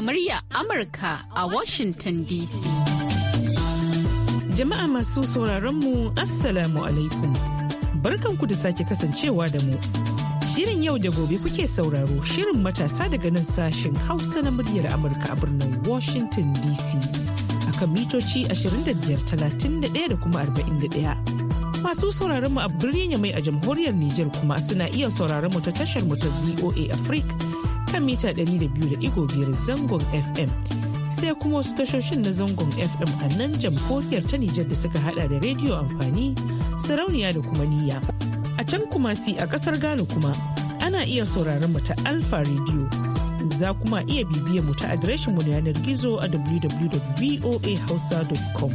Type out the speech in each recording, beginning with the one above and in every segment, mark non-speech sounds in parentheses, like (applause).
murya Amurka a Washington DC. Jama'a masu sauraron mu Assalamu alaikum. Barkanku da sake kasancewa da mu. Shirin yau da gobe kuke sauraro shirin matasa daga nan sashen Hausa na muryar Amurka a birnin Washington DC. a kan mitoci 25,31 da kuma 41. masu sauraron mu a birnin mai a jamhuriyar Nijar kuma suna iya sauraron mu ta tashar mu ta VOA Africa kan mita 200.5 zangon FM. Sai kuma wasu tashoshin na zangon FM a nan jamhuriyar ta Nijar da suka hada da rediyo amfani, sarauniya da kuma niyya. A can kuma si a kasar Ghana kuma ana iya sauraron mu ta Alfa rediyo Za kuma iya bibiyar mu ta adireshin mu na yanar gizo a www.voahausa.com.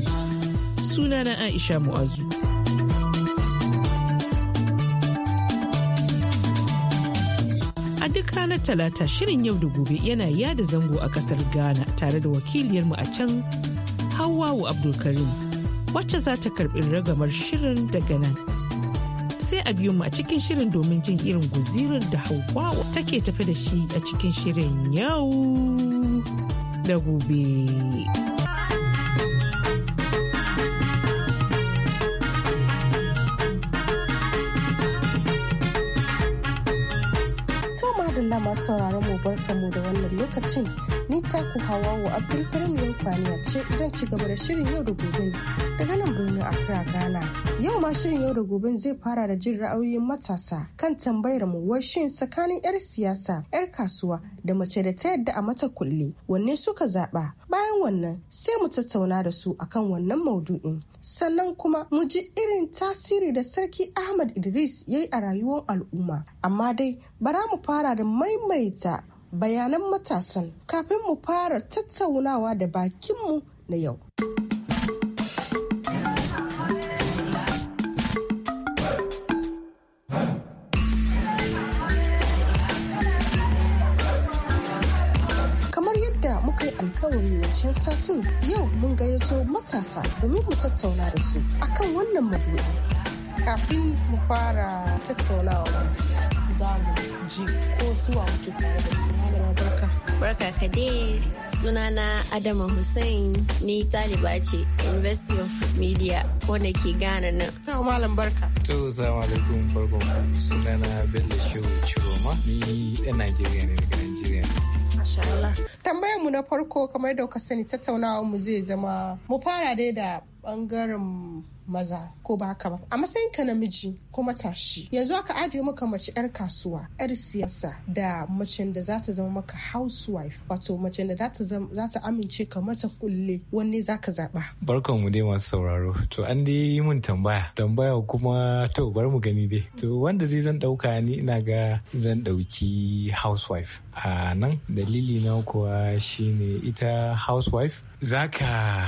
Sunana Aisha Mu'azu. a duk ranar talata shirin yau da gobe yana yada zango a kasar ghana tare da wakiliyarmu a can hawawu abdulkarim wacce za ta karbi ragamar shirin daga nan sai a biyu mu a cikin shirin domin jin irin guzirin da hawawu take tafe da shi a cikin shirin yau da gobe. madalla masu sauraron mu barkamu da wannan lokacin ni ta taku wa abdulkarim yankwaniya ce zan ci gaba da shirin yau da gobe daga nan birnin accra ghana yau ma shirin yau da gobe zai fara da jin ra'ayoyin matasa kan tambayar mu wai shin tsakanin yar siyasa yar kasuwa da mace da ta yadda a mata kulle wanne suka zaɓa bayan wannan sai mu tattauna da su akan wannan maudu'in sannan kuma mu ji irin tasiri da sarki ahmad idris ya yi a rayuwar al'umma amma dai bara mu fara da maimaita bayanan matasan kafin mu fara tattaunawa da bakinmu na yau. alkawari wancan satin yau mun gayyato matasa domin mu tattauna da su akan wannan madu'i. Kafin mu fara tattaunawa za mu ji ko suwa muke tare da su. Barka. Barka ka dai sunana Adama Hussein ni taliba ce University of Media ko da ke gana nan. Tawa malam barka. To salamu alaikum barkan sunana Bello Shehu Chiroma ni ɗan Najeriya ne daga Najeriya ne. Masha Allah. Tambayar mu na farko kamar da ka sani tattaunawa mu zai zama mu fara dai da bangaren maza ko ba haka ba a matsayin ka namiji ko matashi yanzu aka ajiye maka mace yar kasuwa yar siyasa da mace da za ta zama maka housewife wato mace da za ta amince ka mata kulle wanne za ka zaɓa. barkan mu dai masu sauraro to an dai yi mun tambaya tambaya kuma to bar mu gani dai to wanda zai zan ɗauka ni ina ga zan ɗauki housewife a nan dalili na kuwa shine ita housewife za ka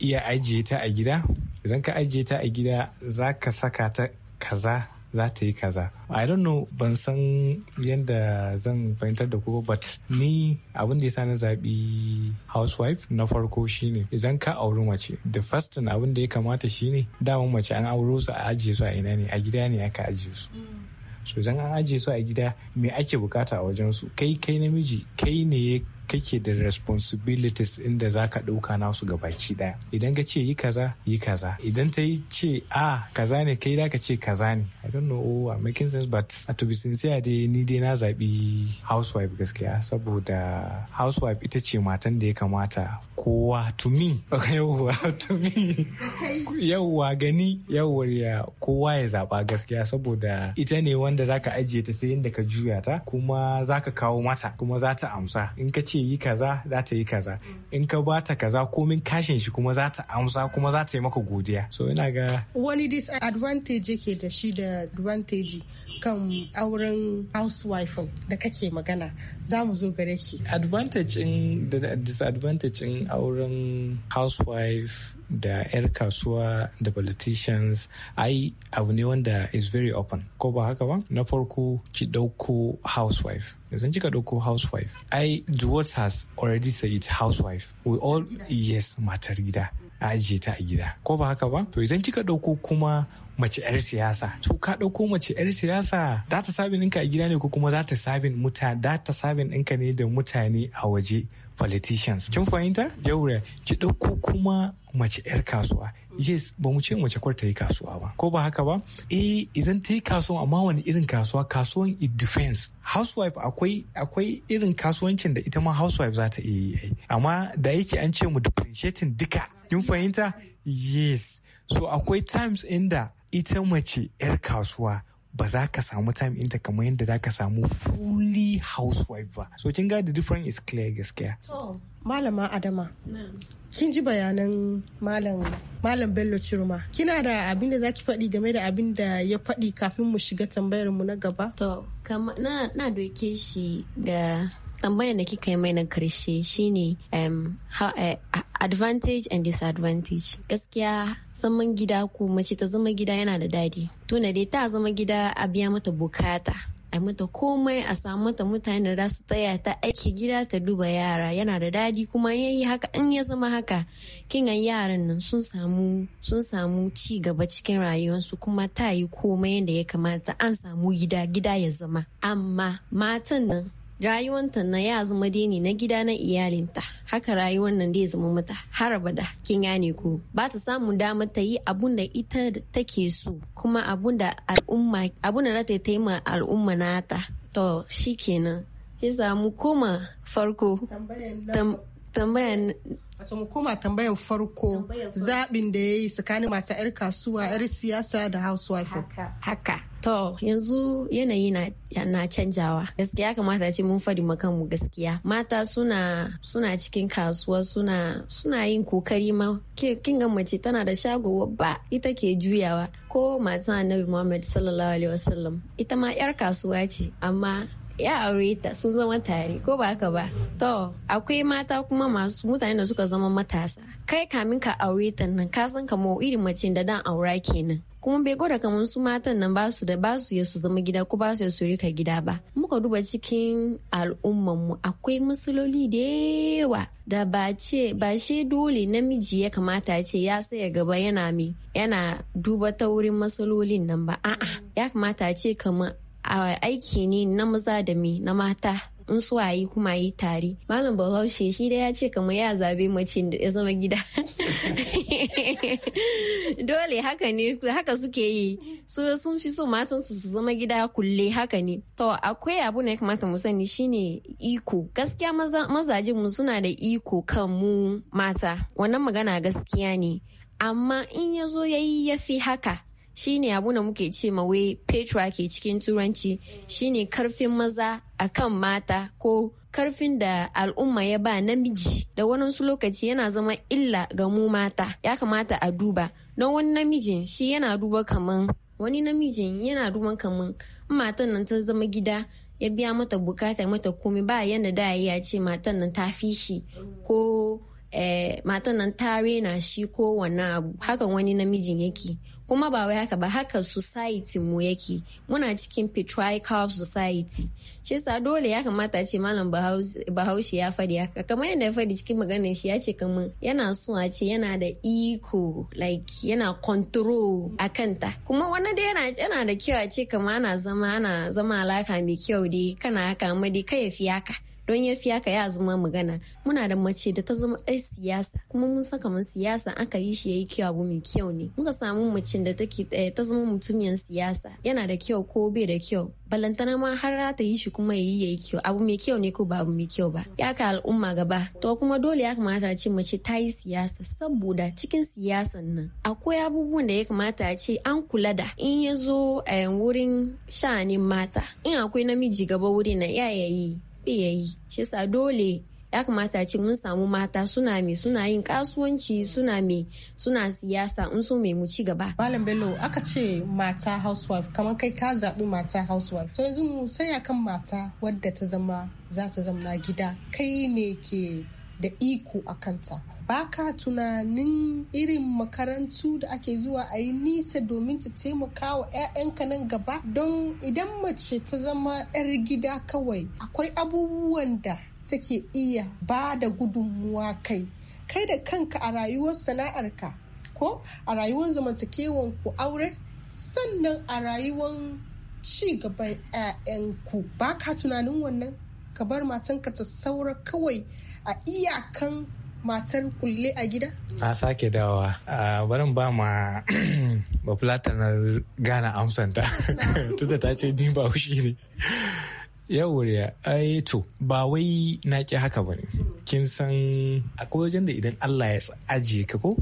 iya ajiye ta a gida idan ka ajiye ta a gida za ka saka ta kaza za ta yi kaza i don't know ban san yadda zan fahimtar da ku but ni abin da yasa na zaɓi housewife na farko shine idan ka auri mace the first thing abin da ya kamata shine dama mace an auro su a ajiye su a ina ne a gida ne aka ajiye su so idan an ajiye su a gida me ake bukata a wajen su kai kai namiji kai ne kake da responsibilities inda za ka ɗauka nasu ga baki ɗaya idan ka ce yi kaza yi kaza idan ta yi ce a kaza ne kai da ka ce kaza ne i don't know oh, I'm making sense but to be sincere dai ni dai na zaɓi housewife gaskiya saboda housewife ita ce matan da ya kamata kowa to me (laughs) yawwa to me gani yawwa ya kowa ya zaɓa gaskiya saboda ita ne wanda zaka ajiye ta sai inda ka juya ta kuma zaka kawo mata kuma za ta amsa in ka ce ce yi kaza za ta yi kaza in ka ba ta kaza komin kashin shi kuma za ta amsa kuma za ta yi maka godiya so ina ga wani disadvantage yake da shi da advantage kan auren housewife da kake magana za mu zo gare ki advantage da disadvantage auren housewife da 'yar kasuwa da politicians ai abu ne wanda is very open ko ba haka ba na farko ki ɗauko housewife yanzu kika ɗauko housewife ai the world has already said it, housewife we all yes matar gida a ajiye ta a gida ko ba haka ba to idan kika ɗauko kuma mace 'yar siyasa to ka ɗauko mace 'yar siyasa za ta sabin ɗinka a gida ne ko kuma za ta sabin mutane za ta sabin ɗinka ne da mutane a waje politicians kin fahimta yaure ki ɗauko kuma mace 'yar kasuwa yes ba mu ce mace kwar ta yi kasuwa ba ko ba haka ba eh idan ta yi kasuwa amma wani irin kasuwa kasuwan it defense housewife akwai akwai irin kasuwancin da ita ma housewife za ta iya yi amma da yake an ce mu differentiating duka kin fahimta yes so akwai times inda ita mace 'yar kasuwa ba za ka samu time inta kamar yadda za ka samu fully housewife ba so kin ga the difference is clear gaskiya To malama adama kin ji bayanan malam malam bello cirma kina da abin da zaki faɗi game da abin da ya faɗi kafin mu shiga tambayar mu na gaba to na doke shi ga tambayar da kika yi mai na karshe shine um, uh, advantage and disadvantage gaskiya zaman gida ko mace ta zama gida yana da dadi tuna dai ta zama gida a biya mata bukata a mata komai a samu mata mutane da su tsaya ta aiki gida ta duba yara yana da dadi kuma ya yi haka in ya zama haka kingan yaran nan sun samu sun samu ci gaba cikin rayuwarsu kuma ta yi komai yadda ya kamata an samu gida gida ya zama amma matan nan rayuwanta na ya zama dini na gida na iyalinta haka rayuwar nan ya zama mata har abada kin yane ko ba ta samu damar ta yi abun da ita take so kuma abun da al'umma abun da ta yi ma al'umma nata to shikenan ya samu koma farko tambayan wato mu koma tambayan farko zaɓin da ya yi tsakanin mata 'yar kasuwa 'yar siyasa da housewife haka To yanzu yanayi na canjawa. Gaskiya kamata ce mun faɗi mu gaskiya. Mata suna suna cikin kasuwa suna suna yin kokari ma kin ga mace tana da shago ba ita ke juyawa ko matan Annabi Muhammad sallallahu alaihi wasallam ita ma yar kasuwa ce amma ya aure ta sun zama tare ko ba haka ba to akwai mata kuma masu mutane da suka zama matasa kai kamin ka aure ta nan ka san kamo irin mace da dan aura kenan kuma bai gwada kamar su matan nan basu da basu ya su zama gida ko basu ya su rika gida ba muka duba cikin mu akwai matsaloli da yawa da ba ce ba shi dole namiji ya kamata ce ya ya gaba yana mi yana duba ta wurin matsalolin nan ba a'a ya kamata ce kamar aiki ne na maza da me na mata in su yi kuma yi tare malam bahaushe shi da ya ce kama ya zabe mace da ya zama gida (laughs) dole haka ne haka suke yi su sun fi so matan su su zama gida kulle haka ne to akwai abu ne kamata mu sani shine iko gaskiya mazaje mu suna da iko kan mu mata wannan magana gaskiya ne amma in ya zo ya yi ya fi haka shine abuna muke ce ma wai petra ke cikin turanci shi ne karfin maza a kan mata ko karfin da al'umma ya ba namiji da wasu lokaci yana zama illa ga mu mata ya kamata a duba don wani namijin shi yana duba kaman wani namijin yana duba kaman matan nan ta zama gida ya biya mata bukata mata komai ba yanda da ya ce matan nan ta fi shi ko eh, matan nan ta rena shi ko wani abu hakan wani namijin yake kuma ba wai haka ba haka society mu yake muna cikin patriarchal society shi sa dole ya kamata ce malam bahaushe ya faɗi haka kamar yadda ya faɗi cikin maganar shi ya ce kamar yana so a ce yana da iko like yana control a kanta kuma wani dai yana yana da kyau a ce kamar ana zama ana zama alaka mai kyau dai kana haka amma dai kai ya fi haka don ya fi haka ya zama magana muna da mace da ta zama ɗai siyasa kuma mun san kamar siyasa aka yi shi ya yi kyau abu mai kyau ne muka samu mace da take eh, ta zama mutumiyan siyasa yana da kyau ko bai da kyau balantana ma har ta yi shi kuma ya yi ya yi kyau abu mai kyau ne ko ba abu mai kyau ba ya ka al'umma gaba to kuma dole ya kamata ce mace ta yi siyasa saboda cikin siyasan nan akwai abubuwan da ya kamata a ce an kula da in ya zo eh, wurin sha'anin mata in akwai namiji gaba wurin na yayayi kuɗi ya yi shi sa dole ya kamata ce mun samu mata suna mai suna yin kasuwanci suna mai suna siyasa in so mai mu ci gaba malam bello aka ce mata housewife kamar kai ka zaɓi mata housewife to yanzu mu sai kan mata wadda ta zama za ta zama gida kai ne ke da iko a kanta ba ka tunanin irin makarantu da ake zuwa a yi nisa domin ta taimaka wa 'ya'yanka nan gaba don idan mace ta zama 'yar gida kawai akwai abubuwan da take iya ba da gudunmuwa kai kai da kanka a rayuwar sana'arka ko a rayuwar zamantakewan ku aure sannan a rayuwar ci gaban 'ya'yanku ba ka tunanin wannan ka bar matanka ta saura kawai a iyakan matar kulle a gida? A sake dawa. Barin ba ma (clears throat) bafulatanar gana amsanta. (laughs) Tunda ta ce ni ba ne. yawuriya ai to ba wai na ki haka ba ne kin san akwai wajen da idan Allah ya ajiye ka ko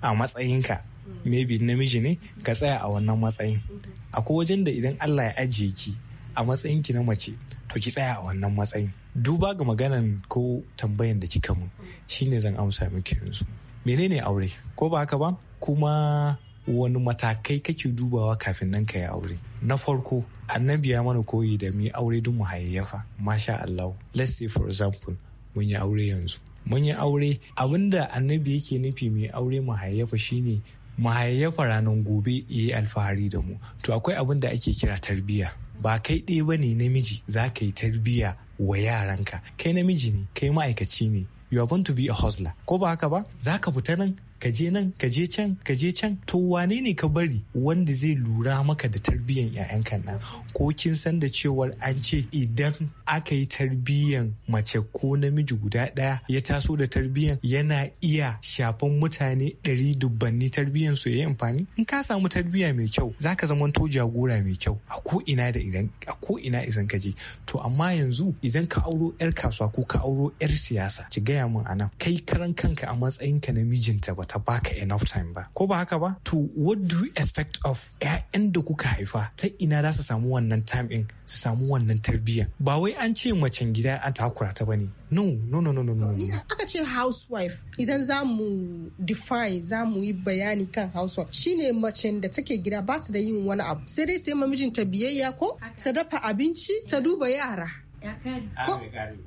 a matsayinka maybe namiji ne ka tsaya a wannan matsayin akwai wajen da idan Allah ya ajiye ki a matsayin ki na mace to ki tsaya a wannan matsayin duba ga maganan ko tambayan da kika mun shine zan amsa miki yanzu menene aure ko ba haka ba kuma wani matakai kake dubawa kafin nan ka yi aure na farko annabi ya mana koyi da mu aure duk mu hayayyafa masha Allah let's say for example mun yi aure yanzu mun yi aure abinda annabi yake nufi mai aure mu hayayyafa shine mu hayayyafa ranar gobe yayi alfahari da mu to akwai abin da ake kira tarbiyya ba kai ɗaya ba ne namiji za ka yi tarbiyya wa yaranka kai namiji ne kai ma'aikaci ne you are going to be a hustler ko ba haka ba za ka fita nan ka je nan ka je can ka je can to wane ne ka bari wanda zai lura maka da tarbiyyan 'ya'yanka nan ko kin san da cewar an ce idan aka yi tarbiyyan mace ko namiji guda ɗaya ya taso da tarbiyyan yana iya shafan mutane ɗari dubbanni tarbiyyan su ya yi amfani in ka samu tarbiyya mai kyau zaka zama to jagora mai kyau a ko ina da idan a ko ina idan ka je to amma yanzu idan ka auro 'yar kasuwa ko ka auro 'yar siyasa ki gaya min anan kai karan kanka a matsayinka na mijinta ba bata baka enough time ba ko ba haka ba to what do you expect of ƴaƴan da kuka haifa ta ina za su samu wannan time in su samu wannan tarbiyya ba wai an ce macen gida an takura ta bane no no no no no no aka ce housewife idan za mu define za mu yi bayani kan housewife shine macen da take gida ba ta da yin wani abu sai dai sai mamijin ta biyayya ko ta dafa abinci ta duba yara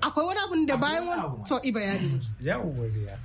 akwai wani abin da bayan wani to i bayani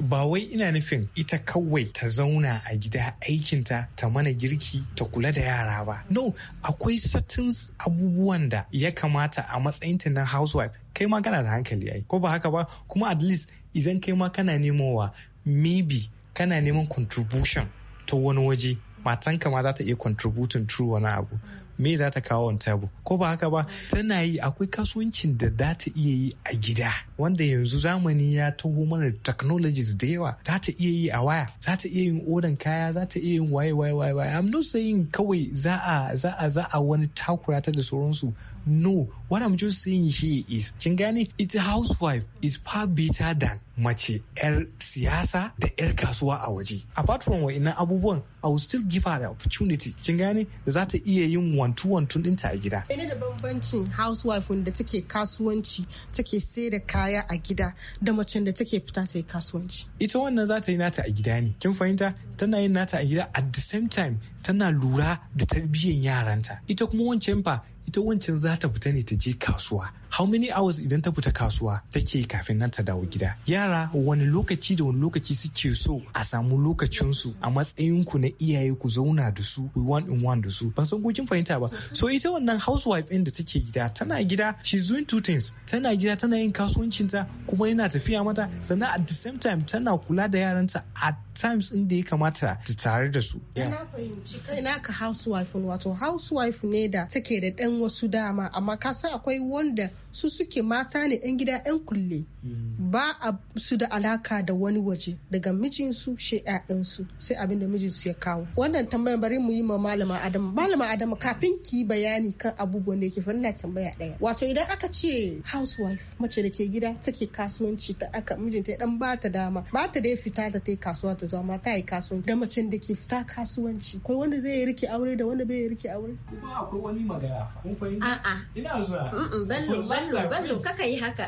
ba wai ina nufin ita kawai ta zauna a gida aikinta ta mana girki ta kula da yara ba no akwai satin abubuwan da ya kamata a matsayinta na housewife kai ma kana da hankali ai ko ba haka ba kuma at least idan kai ma kana nemowa maybe kana neman contribution ta wani waje matanka ma za ta iya contributing through wani abu me za ta kawo on table ko ba haka ba tana yi akwai kasuwancin da za ta iya yi a gida wanda yanzu zamani ya taho mana technologies da yawa za ta iya yi a waya za ta iya yin odan kaya za ta iya yin waye waye waye waye i'm not saying kawai za a za a za a wani takura ta da sauransu no what i'm just saying here is kin gane ita housewife is far better than mace 'yar siyasa da 'yar kasuwa a waje. Apart from wa'innan abubuwan, I will still give her the opportunity. Kin gane da za ta iya yin wantu wantun dinta a gida. Ina da bambancin housewife wanda take kasuwanci take sai da kaya a gida da macen da take fita ta yi kasuwanci. Ita wannan za ta yi nata a gida ne. Kin fahimta? Tana yin nata a gida at the same time tana lura da tarbiyyar yaranta. Ita kuma wancan fa ita wancan za ta fita ne ta je kasuwa. how many hours idan ta fita kasuwa take kafin nan ta dawo gida yara wani lokaci da wani lokaci suke so a samu lokacinsu a matsayin ku na iyaye ku zauna da su we want in one da su ban san gogin fahimta ba so ita wannan housewife din da take gida tana gida is doing two things tana gida tana yin kasuwancin ta kuma yana tafiya mata sannan at the same time tana kula da yaranta at times in da ya kamata ta tare da su. Ina fahimci kai naka housewife wato housewife ne da take da ɗan wasu dama amma ka san akwai wanda su suke mata ne 'yan gida 'yan kulle mm. ba a su da alaka da wani waje daga mijinsu shi 'ya'yansu sai abin da mijinsu ya kawo wannan tambayar bari mu yi ma malama adamu malama adamu kafin ki bayani kan abubuwan da yake faru na tambaya daya wato idan aka ce housewife mace da ke gida take kasuwanci ta aka mijinta ya dan ba ta dama ba ta ya fita ta yi kasuwa ta zama ta yi kasuwanci da macen da ke fita kasuwanci akwai wanda zai yi rike aure da wanda bai rike aure kuma akwai wani magana kun fahimta a'a ina zuwa ballo ballo kaka yi haka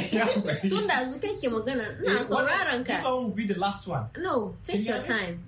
(laughs) tun da zu kake magana na eh, sauraron ka this one will be the last no take your time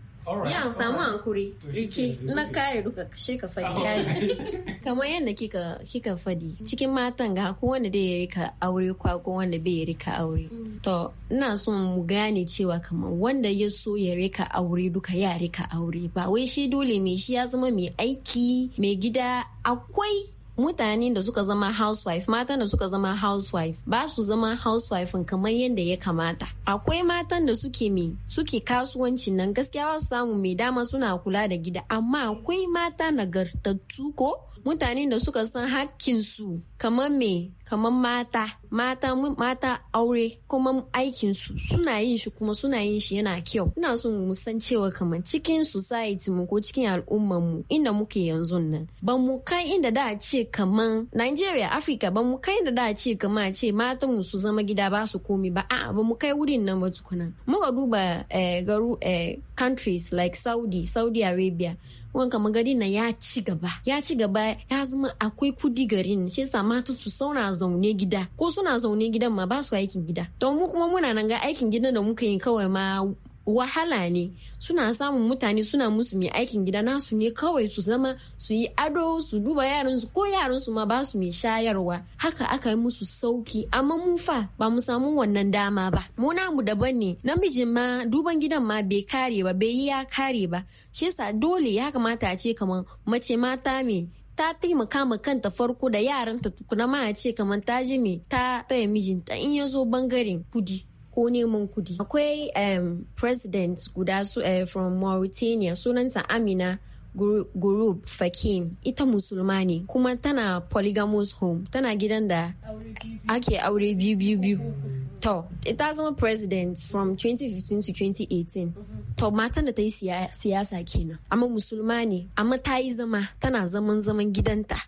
ya samu hankuri riki na kare duka shi ka fadi (laughs) kamar yadda kika kika fadi cikin matan ga ko wanda dai ya rika aure kwa ko wanda bai ya rika aure mm. to ina so mu gane cewa kamar wanda ya so ya rika aure duka ya rika aure ba wai shi dole ne shi ya zama mai aiki mai gida akwai mutanen da suka zama housewife matan da suka zama housewife ba su zama housewife kamar yadda ya kamata akwai matan da suke mai suke kasuwancin nan gaskiya ba su samu mai dama suna kula da gida amma akwai mata nagartattu ko mutanen da suka san hakkinsu kamar mai kamar mata mata mata aure kuma aikinsu suna yin shi kuma suna yin shi yana kyau ina so mu san cewa kamar cikin society mu ko cikin al'ummar mu inda muke yanzu nan ba mu kai inda da ce kaman Nigeria Africa ba mu kai da da ce kamar ce matan mu su zama gida ba su komi ba a'a ba mu kai wurin nan ba tukuna muka duba eh, garu eh, countries like Saudi Saudi Arabia kamar magari na ya ci gaba ya ci gaba ya zama akwai kudi garin shi yasa matan su sauna zaune gida ko suna zaune gidan ma ba su aikin gida don mu kuma muna nan ga aikin gidan da muka yi kawai ma wahala ne suna samun mutane suna musu mai aikin gida nasu ne kawai su zama su yi ado su duba yaransu ko yaransu ma ba su mai shayarwa haka aka yi musu sauki amma mu fa ba mu samu wannan dama ba mu namu daban ne namijin ma duban gidan ma bai kare ba bai yi ya kare ba shi yasa dole ya kamata a ce kamar mace mata me ta taimaka ma kanta farko da yaranta tukuna ma a ce kamar ta ji me ta taya mijinta in ya zo bangaren kudi ko neman kudi akwai um, president guda su uh, from mauritania sunanta amina gurub fakim ita musulma ne kuma tana polygamous home tana gidan da ake aure biyu biyu biyu to ita zama president from 2015 to 2018 to matan da ta yi siyasa kenan amma musulma ne amma ta yi zama tana zaman zaman gidanta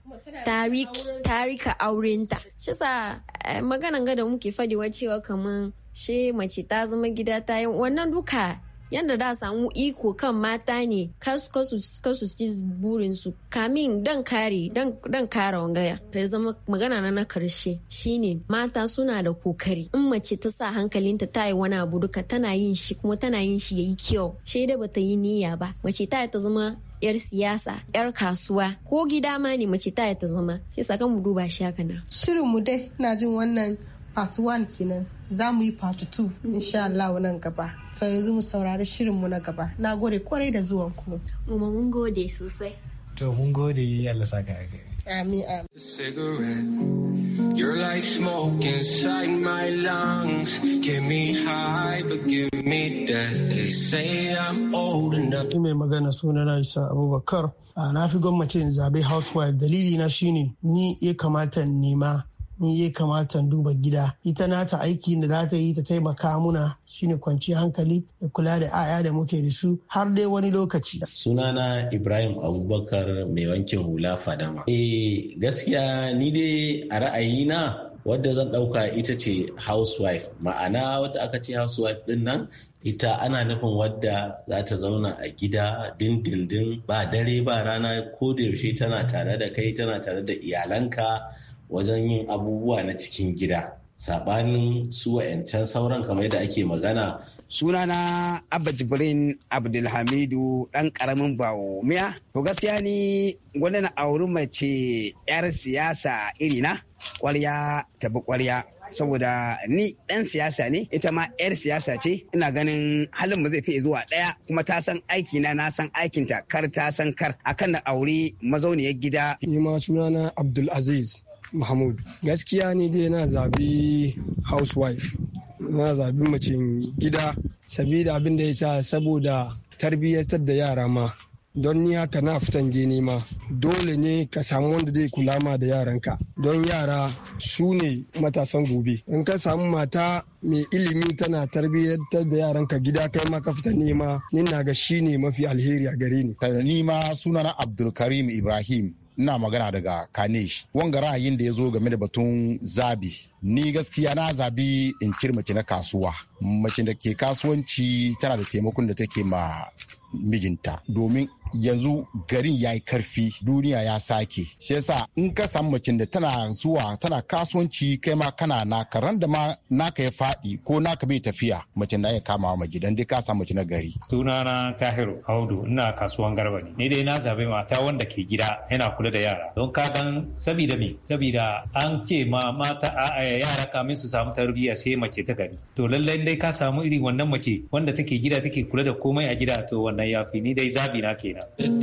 tarika aurenta Shisa eh, maganan gada muke fadewa cewa kamar she mace ta zama gida ta yi wannan duka yadda da samu iko kan mata ne kasu ci burinsu kamin dan kare dan kara wangaya ta zama magana na na karshe shine mata suna da kokari in mace ta sa hankalinta ta yi wani abu duka tana yin shi kuma tana yin shi yayi kyau shaida bata yi niyya ba mace ta ta zama yar siyasa yar kasuwa ko gida ma ne mace ta ta zama shi sakan mu duba shi haka na shirin mu dai na jin wannan part 1 kenan za mu yi part 2 insha Allah nan gaba sai yanzu mu saurari shirin mu na gaba na gode kwarai da zuwan ku umma mun gode sosai to mun gode yi Allah saka ka amin amin cigarette you're like smoke inside my lungs give me high but give me death they say i'm old enough mai magana sunana Isa Abubakar na fi gwamnati zabe housewife dalili na shine ni ya kamata nema ni ya kamata duba gida ita nata aiki da za ta yi ta taimaka muna shine kwanci hankali da kula da 'ya'ya da muke da su har dai wani lokaci sunana ibrahim abubakar mai wankin hula fadama eh gaskiya ni dai a ra'ayina wadda zan ɗauka ita ce housewife ma'ana wadda aka ce housewife din nan ita ana nufin wadda za ta zauna a gida dindindin ba dare ba rana ko da yaushe tana tare da kai tana tare da iyalanka wajen yin abubuwa na cikin gida sabanin su wa'yancan sauran kamar da ake magana sunana abba jibrin abdulhamidu dan karamin bawo miya to gaskiya ni wani na auri mace yar siyasa irina kwarya tabi kwarya saboda ni ɗan siyasa ne ita ma 'yar siyasa ce ina ganin halin mu zai fi zuwa ɗaya kuma ta san aiki na na san aikinta kar ta san kar akan na aure mazauniyar gida ni ma sunana abdul aziz mahmud gaskiya ne dai na zabi housewife na zabi macin gida sabida abin da ya sa saboda tarbiyyatar da yara ma don ni haka na fitan je nema dole ne ka samu wanda zai kula ma da yaranka don yara su ne matasan gobe in ka samu mata mai ilimi tana tarbiyyar da yaranka gida kai ma ka fita nema ni na ga shi ne mafi alheri a gare ni ni ma sunana abdulkarim ibrahim ina magana daga kanesh wanga ra'ayin da ya zo game da batun zabi ni gaskiya na zabi in mace na kasuwa mace da ke kasuwanci tana da taimakon da take ma mijinta domin yanzu garin ya yi karfi duniya ya sake shi yasa in ka samu macin da tana zuwa tana kasuwanci kai ma kana naka ran da ma naka ya faɗi ko naka bai tafiya macin da ya kama ma gidan dai ka samu macin na gari sunana tahiru audu ina kasuwan garba ne ni dai na zabe mata wanda ke gida yana kula da yara don ka gan sabida me sabida an ce ma mata yara kamin su samu tarbiyya sai mace ta gari to lallai dai ka samu irin wannan mace wanda take gida take kula da komai a gida to wannan yafi ni dai zabi na kenan Idan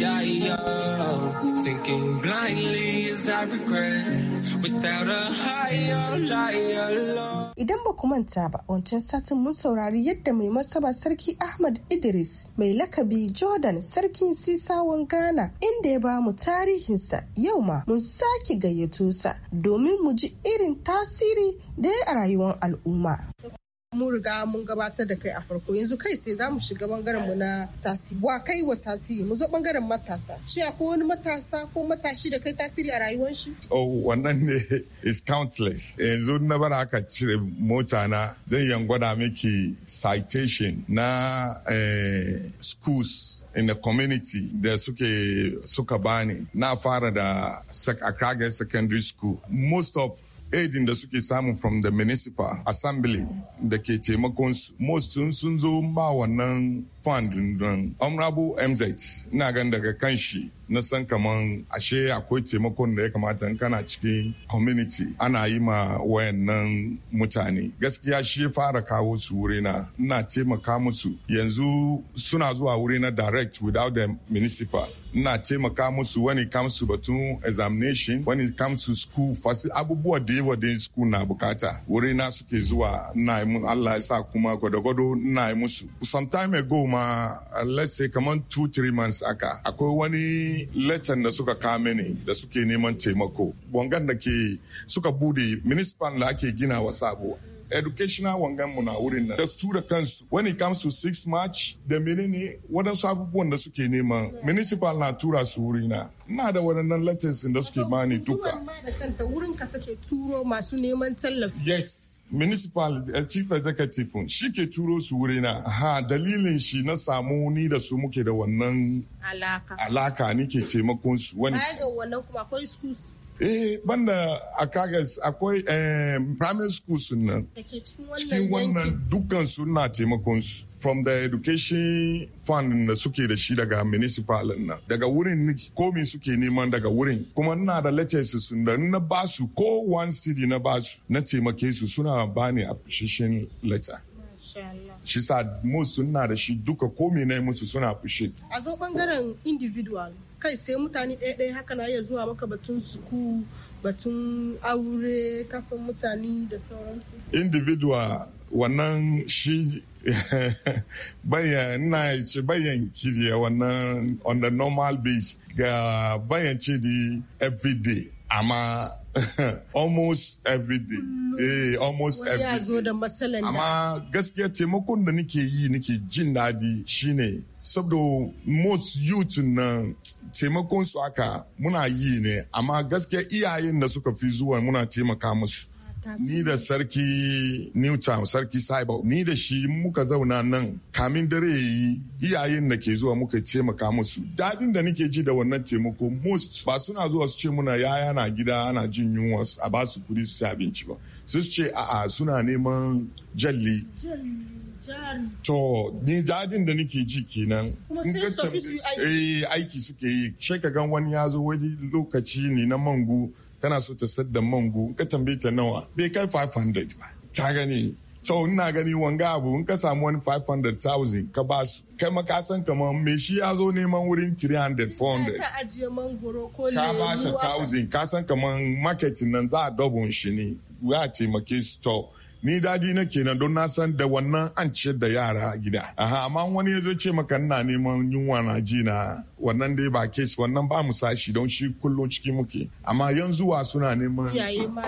ba ku manta ba wancan satin mun saurari yadda mai martaba sarki Ahmad Idris mai lakabi Jordan sarkin sisawan Ghana inda ya ba mu tarihinsa yau ma mun sake gayyato sa domin mu ji irin tasiri da ya a rayuwar al'umma. mun riga mun gabatar da kai a farko yanzu kai sai za mu shiga bangaren mu na tasiri wa kai wa tasiri mu zo bangaren matasa shi akwai wani matasa ko matashi da kai tasiri a rayuwar shi oh wannan ne (laughs) is countless yanzu na bar haka cire mota na zan yan gwada miki citation na eh, schools in the community da suke suka bani na fara da Akage Secondary School. Most of aidin da suke samu from the municipal assembly da ke taimakon most sun zo ba wannan fund don Honorable MZ ina gan daga kan shi na san kaman ashe akwai taimakon da ya kamata in kana cikin community ana yi ma wayannan mutane gaskiya shi fara kawo su wurina ina taimaka musu yanzu suna zuwa wuri na direct without the municipal ina taimaka musu wani comes to batun examination wani comes to school fasi abubuwa da yawa da school na bukata wuri na suke zuwa na yi Allah ya sa kuma gwado-gwado na yi musu some time ago ma uh, let's say kaman two three months aka akwai wani letter da suka kame ne da suke neman taimako wangan da ke suka bude municipal da ake gina wa sabo educational wangan mu na wurin nan da su da kansu when it comes to 6 march da menene waɗansu abubuwan da suke nema municipal na tura su wuri na ina da waɗannan letters da suke bani duka wurin ka take turo masu neman tallafi yes municipal eh, chief executive shi ke turo su wurina ha dalilin shi na samu ni da su muke da wannan alaka alaka ni ke taimakon su wani ga wannan kuma akwai schools eh banda a kagas akwai eh, primary schools sun nan cikin wannan dukkan suna taimakon su from the education fund da suke da shi daga municipal nan daga wurin komi suke neman daga wurin kuma na da letters sun da na basu ko one city na basu na taimake su suna bani appreciation letter shi sa mu suna da shi duka komi na musu suna appreciate a zo bangaren individual kai sai mutane ɗaya ɗaya haka na iya zuwa maka batun suku batun aure kasan mutane da sauransu individual wannan shi (laughs) bayan na ce bayan kiriya wannan on the normal base ga bayan ce di everyday amma (laughs) almost every day mm. eh almost every day amma gaskiya taimakon da nake yi nake jin daɗi shine saboda most youth na taimakon su aka muna yi ne amma gaskiya iyayen da suka fi zuwa muna taimaka musu ni da sarki newtown sarki cyber ni da shi muka zauna nan kamin dare yi iyayen da ke zuwa muka taimaka musu daɗin da nike ji da wannan taimako most ba suna zuwa su ce muna yaya na gida ana jin yunwa a ba su kudi su abinci ba su ce a'a suna neman jalli To, ni dadin da nike ji kenan. Kuma sai eh, aiki suke yi. gan wani ya zo wani lokaci ne na mangu kana so ta sayar da man mango ka tambaye ta nawa bai kai 500 ba ka gani so ina gani wanga abu in ka samu wani 500,000 ka ba su kai makasan kamar me shi ya zo neman wurin 300 400 ka ajiye mangoro ko ka ba ta 1000 ka san kamar marketing nan za a dubun shi ne za a taimake su to ni dadi na kenan don na san da wannan an ciyar da yara gida aha amma wani ya zo ce maka ina neman yunwa na ji na wannan dai ba kes wannan ba mu sashi don shi kullum ciki muke amma yanzu wa suna neman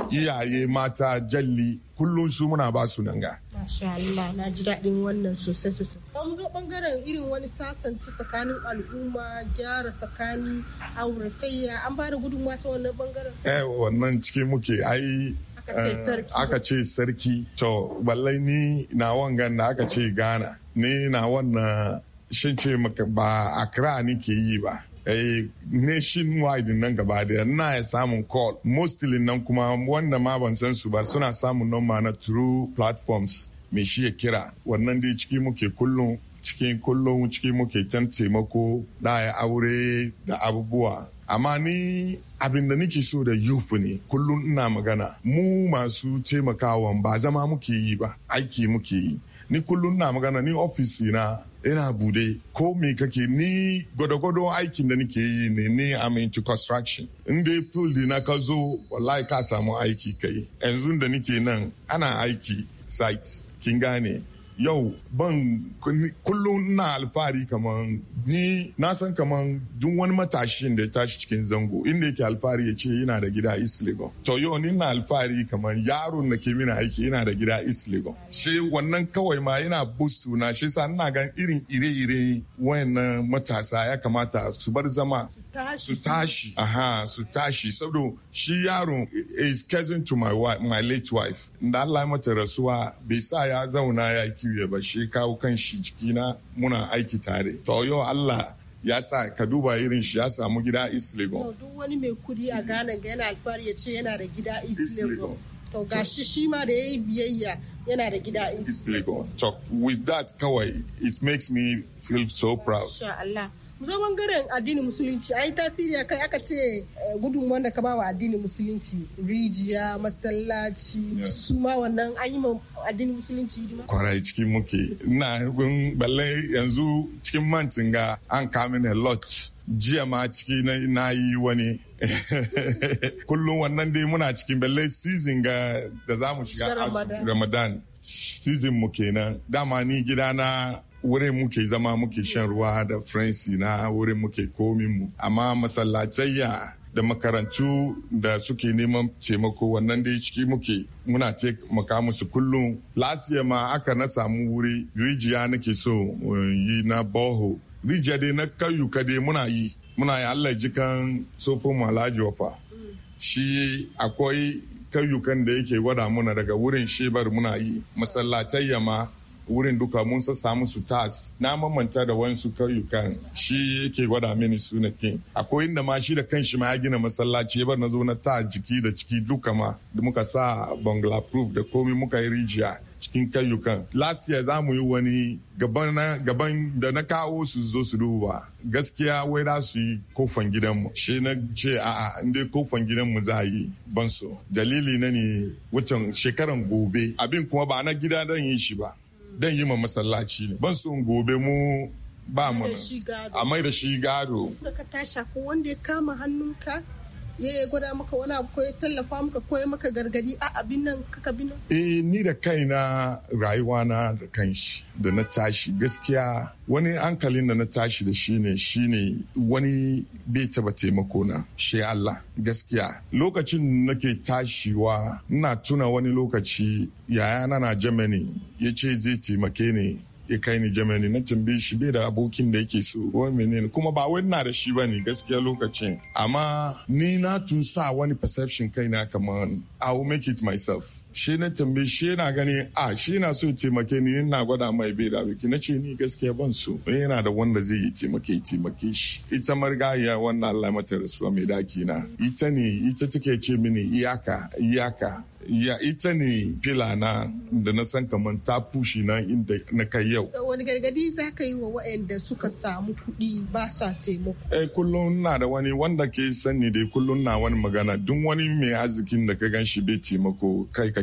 iyaye mata jalli kullum su muna ba su nan ga Masha Allah na ji daɗin wannan sosai sosai. An zo ɓangaren irin wani sasanta tsakanin al'umma gyara tsakanin auratayya an ba da gudunmawa ta wannan ɓangaren. Eh wannan ciki muke ai Eh, aka ce sarki to ballai ni na wangan da aka ce ghana ni na wannan shin ce maka ba ni nike yi ba nation eh, nationwide nan gaba daya na ya samun call mostly nan kuma wanda ma ban san su ba suna samun noma na true platforms me shi ya kira wannan dai ciki muke kullum cikin kullum cikin muke can taimako da ya aure da abubuwa amma ni abin da nake so da yufu ne kullum ina magana mu masu taimakawa ba zama muke yi ba aiki muke yi ni kullum na magana ni ofisi na ina bude ko me kake ni gwadagwado gwado aikin da nake yi ne ni am construction in dai field na ka zo wallahi ka samu aiki kai yanzu da nake nan ana aiki site kin gane yau ban kullum na alfahari kaman ni na san kaman duk wani matashin da ya tashi cikin zango inda yake alfahari ya ce yana da gida East Legon. To yau ni na alfahari kaman yaron da ke mina aiki yana da gida East Legon. Shi wannan kawai ma yana bustu na shi sa ina gan irin ire-ire wayannan matasa ya kamata su bar zama su tashi aha su tashi saboda shi yaron is cousin to my wife my late wife. Da Allah mata rasuwa bai sa ya zauna ya juya ba shi kawo kan shi jikina muna aiki tare to yau Allah ya sa ka duba irin shi ya samu gida East Lagos duk wani mai kudi a Ghana yana alfahari ya ce yana da gida East Lagos to ga shi ma da yayi biyayya yana da gida East Lagos to with that kawai it makes me feel so proud Allah zo bangaren addini musulunci a yi tasiri kai aka ce eh, gudun wanda ka bawa addini musulunci rijiya masallaci su ma wannan an yi addini musulunci hidima kwarai ciki muke na ina balle yanzu cikin mancin ga an kamina lot jiya ma ciki na yi wani (laughs) kullum wannan dai muna cikin balle season ga da za mu shiga ramadan season mu kenan dama ni gidana wurin muke zama muke shan ruwa da faransi na wurin muke komin mu amma masallacayya da makarantu da suke neman taimako wannan dai ciki muke muna taimaka musu kullum lasiya ma aka na samu wuri rijiya nake so eh, yi na boho rijiya dai na kayuka dai muna yi muna yi allah jikan sofin malaji wafa shi akwai kayyukan da yake gwada muna daga wurin shebar muna yi masallacayya ma wurin duka mun Samu musu tas na mamanta da wasu kayukan, shi yake gwada mini suna kin akwai inda ma shi da kanshi ma ya gina masallaci ya bar na zo na ta jiki da ciki duka ma da muka sa bangla proof da komi muka yi rijiya cikin kayyukan last year za mu yi wani gaban da na kawo su zo su duba gaskiya wai da su yi kofan gidanmu shi na ce a'a inda kofan gidanmu za yi ban so dalili na ne wucin shekaran gobe abin kuma ba na gida don yi shi ba dan yi ma masallaci ne ban sun gobe mu ba mu a mai da shi gado ka tasha ko wanda ya kama hannunka ya gwada maka wani abu ko ya tallafa maka ko maka gargadi a abin nan kaka bi nan? Eh ni da kaina rayuwa na da kanshi da na tashi gaskiya wani hankalin da na tashi da shi shine wani bai taba taimako na shi Allah gaskiya lokacin nake tashiwa ina tuna wani lokaci yayana na Germany ya ce zai taimake ni ya kai ni Germany na tambaye shi bai da abokin da yake so wai menene kuma ba wani na da shi ba bane gaskiya lokacin amma ni na tun sa wani perception kaina kamar I will make it myself shi na tambaye shi na gani a shi na so ya taimake ni na gwada mai bai da biki na ce ni gaskiya ban so eh, yana da wanda zai yi taimake taimake shi ita marigayya wannan Allah mata rasuwa mai daki na ita ne ita take ce mini iyaka iyaka ya ita ne fila na da na san kamar ta fushi na inda na kai yau. Wani gargadi za ka yi wa waɗanda suka samu kuɗi ba sa taimako? Eh kullum na da wani wanda ke sani dai kullum na wani magana duk wani mai arzikin da ka gan shi bai taimako kai ka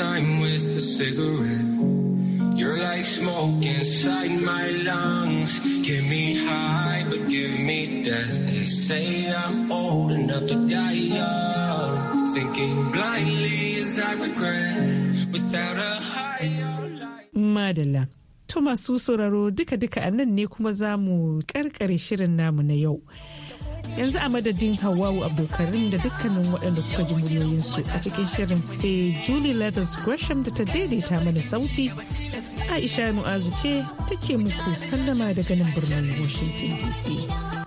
time with a cigarette. You're like smoke inside my lungs. Give me high, but give me death. They say I'm old enough to die young. Thinking blindly as I regret without a higher Madala. To masu sauraro duka-duka a nan ne kuma za mu karkare shirin namu na yau. yanzu a madadin hawawu abdulkarim da dukkanin waɗanda kuka ji muryoyinsu a cikin shirin sai julie letters gresham da ta daidaita mana sauti aisha nu'azu ce take muku sallama daga nan birnin washington dc